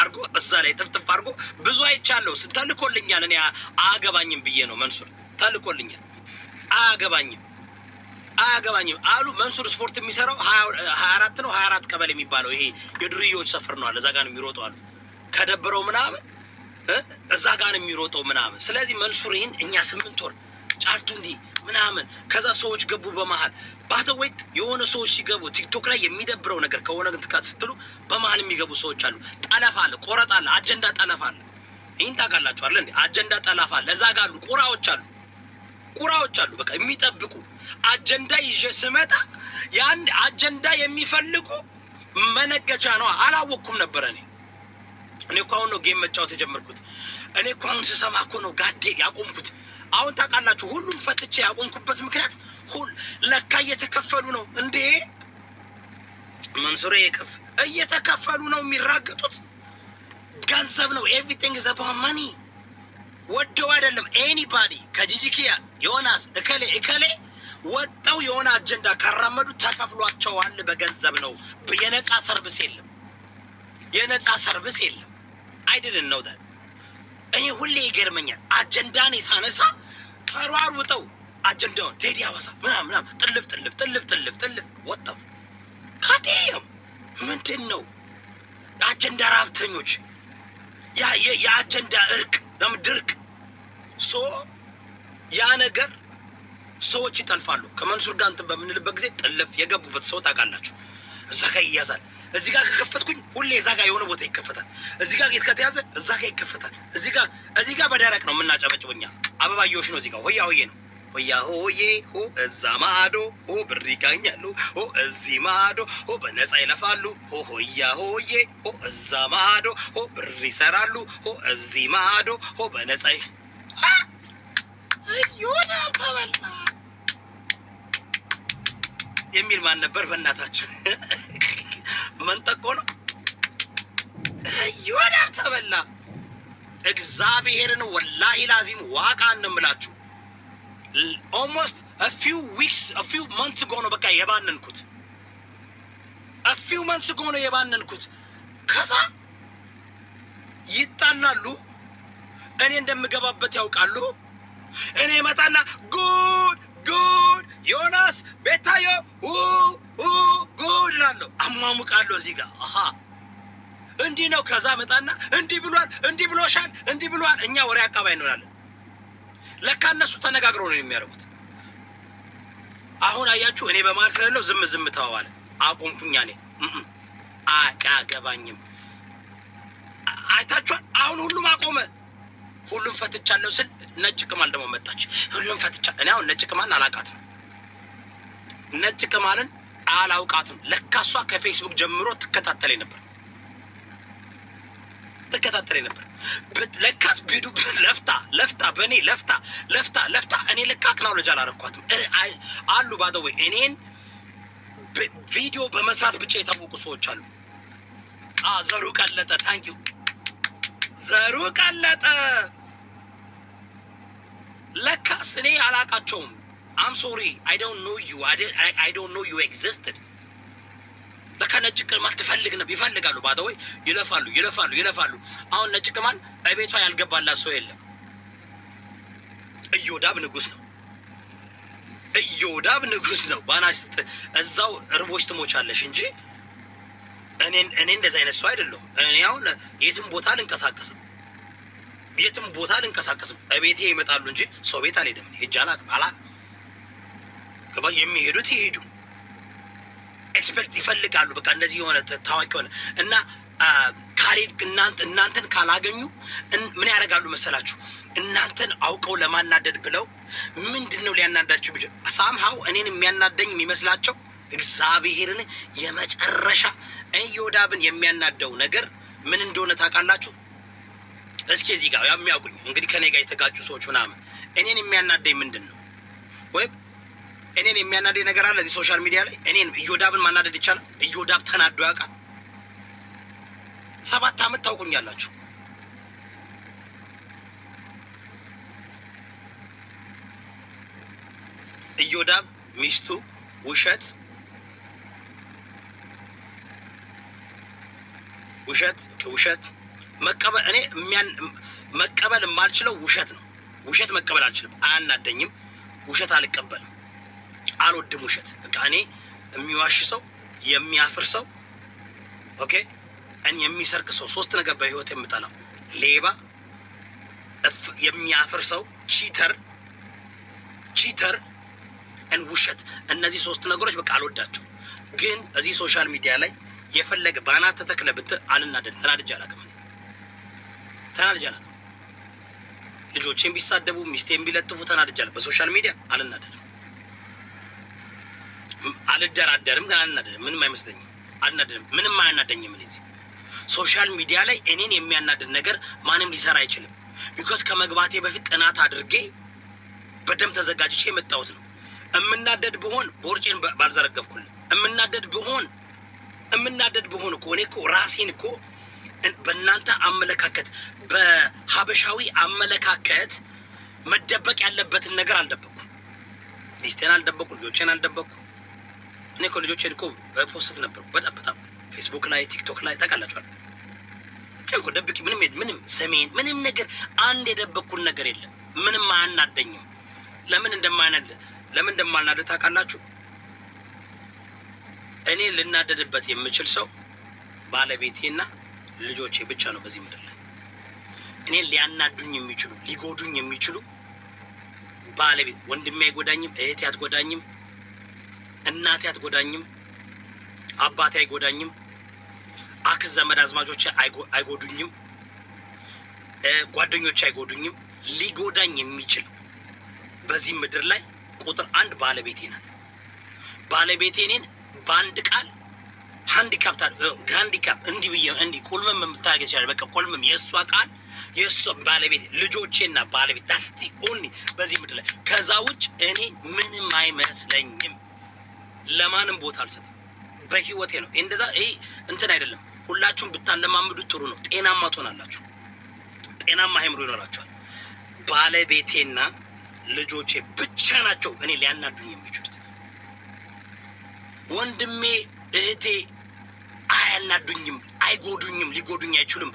አርጎ እዛ ላይ ጥፍጥፍ አርጎ ብዙ አይቻለሁ። ተልኮልኛል። እኔ አያገባኝም ብዬ ነው መንሱር ተልኮልኛል። አያገባኝም አያገባኝም አሉ መንሱር። ስፖርት የሚሰራው ሀያ አራት ነው ሀያ አራት ቀበሌ የሚባለው ይሄ የድርዮች ሰፈር ነው አለ። እዛ ጋር ነው የሚሮጠው አሉት። ከደብረው ምናምን እዛ ጋር ነው የሚሮጠው ምናምን። ስለዚህ መንሱር ይህን እኛ ስምንት ወር ጫርቱ እንዲህ ምናምን ከዛ ሰዎች ገቡ በመሀል ባህተወይ የሆነ ሰዎች ሲገቡ ቲክቶክ ላይ የሚደብረው ነገር ከሆነ ግን ትካት ስትሉ በመሀል የሚገቡ ሰዎች አሉ። ጠለፍ አለ፣ ቆረጥ አለ፣ አጀንዳ ጠለፍ አለ። ይህን ታውቃላችኋል። አጀንዳ ጠለፋ አለ። እዛ ጋር አሉ፣ ቁራዎች አሉ፣ ቁራዎች አሉ። በቃ የሚጠብቁ አጀንዳ ይዤ ስመጣ የአንድ አጀንዳ የሚፈልጉ መነገጃ ነው። አላወቅኩም ነበረ እኔ እኔ እኮ አሁን ነው ጌም መጫወት የጀመርኩት። እኔ እኮ አሁን ስሰማ እኮ ነው ጋዴ ያቆምኩት። አሁን ታውቃላችሁ፣ ሁሉም ፈትቼ ያቆምኩበት ምክንያት ለካ እየተከፈሉ ነው እንዴ መንሱሬ፣ የከፍ እየተከፈሉ ነው የሚራገጡት። ገንዘብ ነው ኤቭሪቲንግ ዘ ማኒ ወደው አይደለም። ኤኒባዲ ከጂጂኪያ ዮናስ፣ እከሌ እከሌ ወጣው የሆነ አጀንዳ ካራመዱ ተከፍሏቸዋል። በገንዘብ ነው። የነፃ ሰርቪስ የለም። የነፃ ሰርቪስ የለም። አይድልን ነው እኔ ሁሌ ይገርመኛል። አጀንዳን ሳነሳ ተሯሩጠው አጀንዳውን ቴዲ ምናም ምናምን ጥልፍ ጥልፍ ጥልፍ ጥልፍ ጥልፍ ወጣፉ ካቴየም ምንድን ነው አጀንዳ ራብተኞች፣ የአጀንዳ እርቅ ለምድርቅ ሶ ያ ነገር ሰዎች ይጠልፋሉ። ከመንሱር ጋር እንትን በምንልበት ጊዜ ጥልፍ የገቡበት ሰው ታውቃላችሁ፣ እዛ ጋር ይያዛል። እዚህ ጋር ከከፈትኩኝ ሁሌ እዛ ጋር የሆነ ቦታ ይከፈታል። እዚህ ጋር ጌት ከተያዘ እዛ ጋር ይከፈታል። እዚህ ጋር እዚህ ጋር በደረቅ ነው የምናጨበጭበው እኛ አበባየዎች ነው። እዚህ ጋር ሆያ ሆዬ ነው ሆያ ሆዬ ሆ እዛ ማዶ ሆ ብር ይጋኛሉ ሆ እዚህ ማዶ ሆ በነፃ ይለፋሉ ሆ ሆያ ሆዬ ሆ እዛ ማዶ ሆ ብር ይሰራሉ ሆ እዚህ ማዶ ሆ በነፃ ሆነ የሚል ማን ነበር በእናታችን? መንጠቆ ነው። ይወዳል ተበላ። እግዚአብሔርን ወላሂ ላዚም ዋቃ እንምላችሁ ኦልሞስት ፊው ዊክስ ፊው መንትስ ጎ በቃ የባነንኩት ፊው መንትስ ጎ የባነንኩት። ከዛ ይጣላሉ። እኔ እንደምገባበት ያውቃሉ። እኔ መጣና ጉድ ጉድ ዮናስ ቤታ አደርጋለሁ፣ አሟሙቃለሁ። እዚህ ጋር አሀ እንዲህ ነው። ከዛ መጣና እንዲህ ብሏል፣ እንዲህ ብሎሻል፣ እንዲህ ብሏል። እኛ ወሬ አካባቢ እንሆናለን። ለካ እነሱ ተነጋግረው ነው የሚያደርጉት። አሁን አያችሁ፣ እኔ በመሀል ስለለው ዝም ዝም ተባባለ። አቆምኩኝ። ኔ አያገባኝም። አይታችኋል። አሁን ሁሉም አቆመ። ሁሉም ፈትቻለሁ ስል ነጭ ቅማል ደግሞ መጣች። ሁሉም ፈትቻ እኔ አሁን ነጭ ቅማል አላውቃትም። ነጭ ቅማልን አላውቃትም። ለካ እሷ ከፌስቡክ ጀምሮ ትከታተለኝ ነበር ትከታተለኝ ነበር። ለካስ ቢዱ ለፍታ ለፍታ በእኔ ለፍታ ለፍታ ለፍታ እኔ ለካ አክናውለጅ አላረኳትም አሉ ወይ እኔን ቪዲዮ በመስራት ብቻ የታወቁ ሰዎች አሉ። ዘሩ ቀለጠ፣ ታንኪዩ ዘሩ ቀለጠ። ለካስ እኔ አላቃቸውም። አም ሶሪ አይ ዶንት ኖ ዩ አይ ዶንት ኖ ዩ ኤግዚስትድ። ለካ ነጭ ቅማል ትፈልግ ነበር። ይፈልጋሉ ባደወይ ይለፋሉ ይለፋሉ ይለፋሉ። አሁን ነጭ ቅማል ቤቷ ያልገባላት ሰው የለም። እዮዳብ ንጉስ ነው። እዮዳብ ንጉስ ነው። ባናስ እዛው እርቦች ትሞቻለሽ እንጂ እኔን እኔ እንደዚህ አይነት ሰው አይደለሁም። እኔ አሁን የትም ቦታ አልንቀሳቀስም፣ የትም ቦታ አልንቀሳቀስም። እቤቴ ይመጣሉ እንጂ ሰው ቤት አልሄድም። ሄጃ አላቅም ገባ የሚሄዱት ይሄዱ ኤክስፐርት ይፈልጋሉ። በቃ እንደዚህ የሆነ ታዋቂ የሆነ እና ካሌድ እናንተን ካላገኙ ምን ያደርጋሉ መሰላችሁ? እናንተን አውቀው ለማናደድ ብለው ምንድን ነው ሊያናዳቸው ብ ሳምሃው እኔን የሚያናደኝ የሚመስላቸው እግዚአብሔርን የመጨረሻ እዮዳብን የሚያናደው ነገር ምን እንደሆነ ታውቃላችሁ? እስኪ እዚህ ጋር የሚያውቁኝ እንግዲህ ከኔ ጋር የተጋጩ ሰዎች ምናምን እኔን የሚያናደኝ ምንድን ነው ወይም እኔን የሚያናደኝ ነገር አለ እዚህ ሶሻል ሚዲያ ላይ እኔን እዮዳብን ማናደድ ይቻላል? እዮዳብ ተናዶ ያውቃል? ሰባት አመት ታውቁኛላችሁ። እዮዳብ ሚስቱ ውሸት ውሸት ውሸት መቀበል እኔ መቀበል የማልችለው ውሸት ነው። ውሸት መቀበል አልችልም፣ አያናደኝም። ውሸት አልቀበልም። አልወድም ውሸት። በቃ እኔ የሚዋሽ ሰው የሚያፍር ሰው ኦኬ፣ እኔ የሚሰርቅ ሰው ሶስት ነገር በህይወት የምጠላው ሌባ፣ የሚያፍር ሰው፣ ቺተር ቺተር እን ውሸት። እነዚህ ሶስት ነገሮች በቃ አልወዳቸው። ግን እዚህ ሶሻል ሚዲያ ላይ የፈለገ ባና ተተክለ ብት አልናደድ ተናድጄ አላቅም ተናድጄ አላቅም። ልጆቼን ቢሳደቡ ሚስቴን ቢለጥፉ ተናድጄ አላቅም። በሶሻል ሚዲያ አልናደድም። አልደራደርም፣ አልናደድም፣ ምንም አይመስለኝም፣ አልናደድም፣ ምንም አያናደኝም። እዚህ ሶሻል ሚዲያ ላይ እኔን የሚያናድድ ነገር ማንም ሊሰራ አይችልም። ቢኮዝ ከመግባቴ በፊት ጥናት አድርጌ በደንብ ተዘጋጅቼ የመጣሁት ነው። እምናደድ ብሆን ቦርጬን ባልዘረገፍኩልን፣ እምናደድ ብሆን እምናደድ ብሆን እኮ እኔ እኮ ራሴን እኮ በእናንተ አመለካከት በሀበሻዊ አመለካከት መደበቅ ያለበትን ነገር አልደበኩም። ሚስቴን አልደበቁ፣ ልጆቼን አልደበቁ። እኔ እኮ ልጆች ልኮ በፖስት ነበሩ። በጣም በጣም ፌስቡክ ላይ ቲክቶክ ላይ ታውቃላችኋል። እኮ ደብቂ ምንም ምንም ሰሜን ምንም ነገር አንድ የደበኩን ነገር የለም። ምንም አያናደኝም። ለምን እንደማያናድ ለምን እንደማልናደድ ታውቃላችሁ? እኔ ልናደድበት የምችል ሰው ባለቤቴና ልጆቼ ብቻ ነው በዚህ ምድር ላይ። እኔ ሊያናዱኝ የሚችሉ ሊጎዱኝ የሚችሉ ባለቤት ወንድሜ አይጎዳኝም፣ እህቴ አትጎዳኝም እናቴ አትጎዳኝም፣ አባቴ አይጎዳኝም፣ አክስ ዘመድ አዝማጆች አይጎዱኝም፣ ጓደኞች አይጎዱኝም። ሊጎዳኝ የሚችል በዚህ ምድር ላይ ቁጥር አንድ ባለቤቴ ናት። ባለቤቴ እኔን በአንድ ቃል ሃንዲካፕ ሃንዲካፕ እንዲህ ብዬ እንዲህ ቁልምም የምታገ ይችላል። በቃ ቁልምም የእሷ ቃል የእሷ ባለቤት ልጆቼና ባለቤት ዳስቲ ኦኒ በዚህ ምድር ላይ ከዛ ውጭ እኔ ምንም አይመስለኝም። ለማንም ቦታ አልሰጥም በህይወቴ ነው። እንደዛ ይሄ እንትን አይደለም። ሁላችሁም ብታለማምዱት ጥሩ ነው። ጤናማ ትሆናላችሁ። ጤናማ አይምሮ ይኖራችኋል። ባለቤቴና ልጆቼ ብቻ ናቸው እኔ ሊያናዱኝ የሚችሉት። ወንድሜ እህቴ አያናዱኝም፣ አይጎዱኝም፣ ሊጎዱኝ አይችሉም።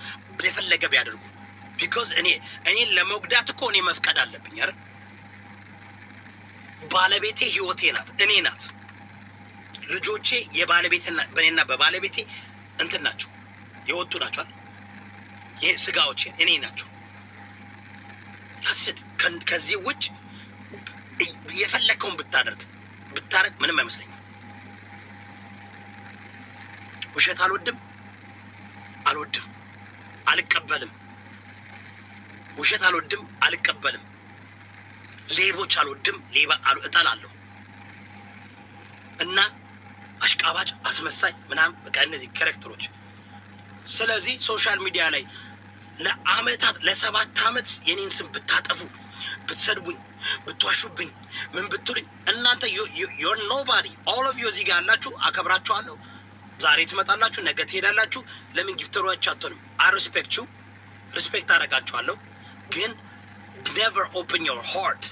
የፈለገ ቢያደርጉ ቢኮዝ እኔ እኔ ለመጉዳት እኮ እኔ መፍቀድ አለብኝ። አይደል? ባለቤቴ ህይወቴ ናት፣ እኔ ናት ልጆቼ የባለቤትና በእኔና በባለቤቴ እንትን ናቸው የወጡ ናቸዋል። ስጋዎች እኔ ናቸው። ታስድ ከዚህ ውጭ የፈለከውን ብታደርግ ብታረግ ምንም አይመስለኝም። ውሸት አልወድም አልወድም አልቀበልም። ውሸት አልወድም አልቀበልም። ሌቦች አልወድም ሌባ እጠላለሁ እና አሽቃባጭ፣ አስመሳይ ምናምን በቃ እነዚህ ካራክተሮች። ስለዚህ ሶሻል ሚዲያ ላይ ለአመታት ለሰባት አመት የኔን ስም ብታጠፉ፣ ብትሰድቡኝ፣ ብትዋሹብኝ፣ ምን ብትሉኝ እናንተ ዮር ኖባዲ ኦል ኦፍ ዩ እዚህ ጋር ያላችሁ አከብራችኋለሁ። ዛሬ ትመጣላችሁ፣ ነገ ትሄዳላችሁ። ለምን ጊፍተሮች አትሆንም? አይ ሪስፔክት ዩ ሪስፔክት አደርጋችኋለሁ። ግን ኔቨር ኦፕን ዮር ሀርት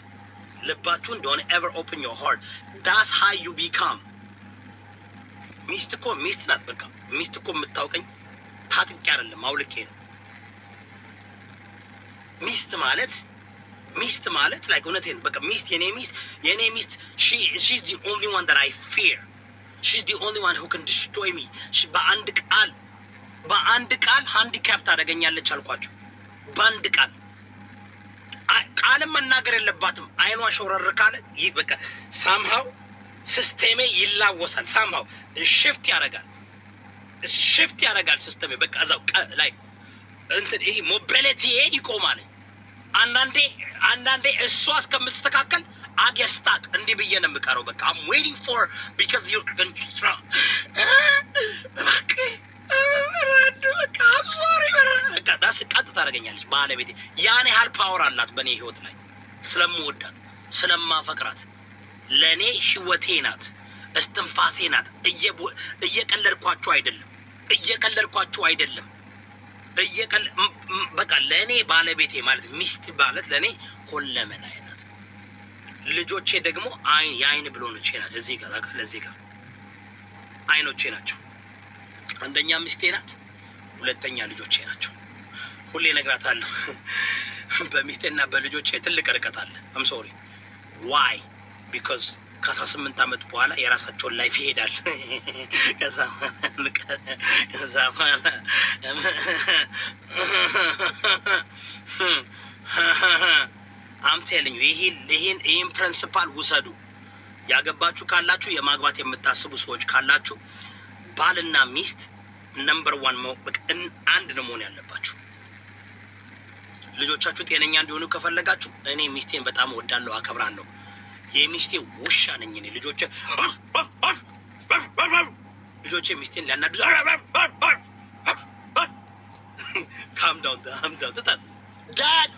ልባችሁ እንደሆነ ኤቨር ኦፕን ዮር ሀርት ዳስ ሃይ ዩ ቢካም ሚስት እኮ ሚስት ናት። በቃ ሚስት እኮ የምታውቀኝ ታጥቄ አይደለም አውልቄ ነው። ሚስት ማለት ሚስት ማለት ላይ እውነቴን በቃ ሚስት የኔ ሚስት የኔ ሚስት ሺዝ ዲ ኦንሊ ዋን ዳት አይ ፊር ሺዝ ዲ ኦንሊ ዋን ሁከን ድስቶይ ሚ በአንድ ቃል በአንድ ቃል ሃንዲካፕ ታደርገኛለች አልኳቸው። በአንድ ቃል ቃልም መናገር የለባትም አይኗ ሸውረር ካለ ይህ በቃ ሳምሃው ሲስቴሜ ይላወሳል። ሳማው ሽፍት ያደርጋል ሽፍት ያደርጋል ሲስቴሜ በቃ እዛው ላይ እንትን ይሄ ሞቢሊቲ ይቆማል። አንዳንዴ አንዳንዴ እሷ እስከምትስተካከል አገስታቅ እንዲህ ብዬ ነው የምቀረው። በቃ አም ዌይቲንግ ፎር ቢካዝ ዩ ኮንትራ ዳስ ቀጥ ታደርገኛለች ባለቤቴ። ያን ያህል ፓወር አላት በእኔ ህይወት ላይ ስለምወዳት ስለማፈቅራት ለእኔ ህይወቴ ናት፣ እስትንፋሴ ናት። እየቀለድኳችሁ አይደለም፣ እየቀለድኳችሁ አይደለም። በቃ ለእኔ ባለቤቴ ማለት ሚስት ማለት ለእኔ ሁለመና ናት። ልጆቼ ደግሞ አይን የአይን ብሎኖቼ ናቸው። እዚህ ጋር ለዚህ ጋር አይኖቼ ናቸው። አንደኛ ሚስቴ ናት፣ ሁለተኛ ልጆቼ ናቸው። ሁሌ እነግራታለሁ በሚስቴና በልጆቼ ትልቅ ርቀት አለ። አም ሶሪ ዋይ ቢካዝ ከአስራ ስምንት ዓመት በኋላ የራሳቸውን ላይፍ ይሄዳል። ከዛ በኋላ አምት ያለኝ ይህን ይህን ፕሪንስፓል ውሰዱ። ያገባችሁ ካላችሁ የማግባት የምታስቡ ሰዎች ካላችሁ ባልና ሚስት ነምበር ዋን መወቅ አንድ ነው መሆን ያለባችሁ። ልጆቻችሁ ጤነኛ እንዲሆኑ ከፈለጋችሁ እኔ ሚስቴን በጣም ወዳለሁ፣ አከብራለሁ። የሚስቴ ውሻ ነኝ እኔ። ልጆቼ ልጆቼ ሚስቴን ሊያናዱ ካምዳውን ዳምዳውን ትታል ዳድ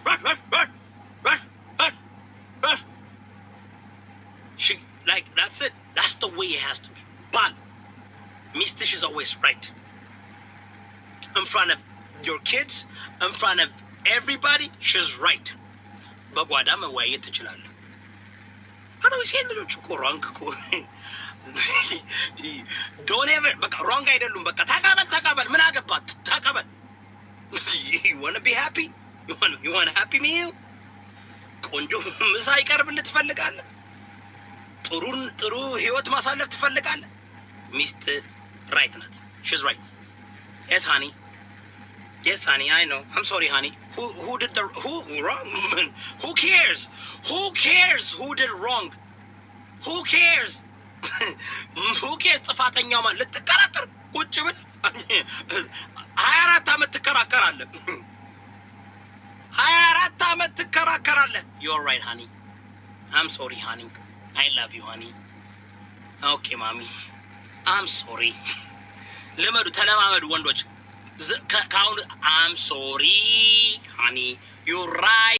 like that's it that's the way it has to be but mistish is always right in front of your kids in front of everybody she's right በጓዳ መወያየት ትችላለህ አቶ ሴት ልጆች እኮ ሯንግ እኮ ዶን ኤቨር በቃ ሯንግ አይደሉም። በቃ ተቀበል ተቀበል፣ ምን አገባት? ተቀበል ሆነ ቢ ሃፒ የሆነ ሃፒ ሚል ቆንጆ ምሳ ይቀርብልህ ትፈልጋለህ። ጥሩን ጥሩ ህይወት ማሳለፍ ትፈልጋለህ። ሚስት ራይት ናት። ሽዝ ራይት ኤስ ሃኒ Yes, honey, I know. I'm sorry, honey. Who who did the who wrong? who cares? Who cares who did wrong? Who cares? who cares? ጥፋተኛው ማለት ልትከራከር ቁጭ ብል ሀያ አራት አመት ትከራከራለህ። ሀያ አራት አመት ትከራከራለህ። You're right, honey. I'm sorry, honey. I love you, honey. Okay, mommy. I'm sorry. Let me Tell I ልመዱ፣ ተለማመዱ ወንዶች ከአሁን አም ሶሪ ሃኒ ዩ ራይት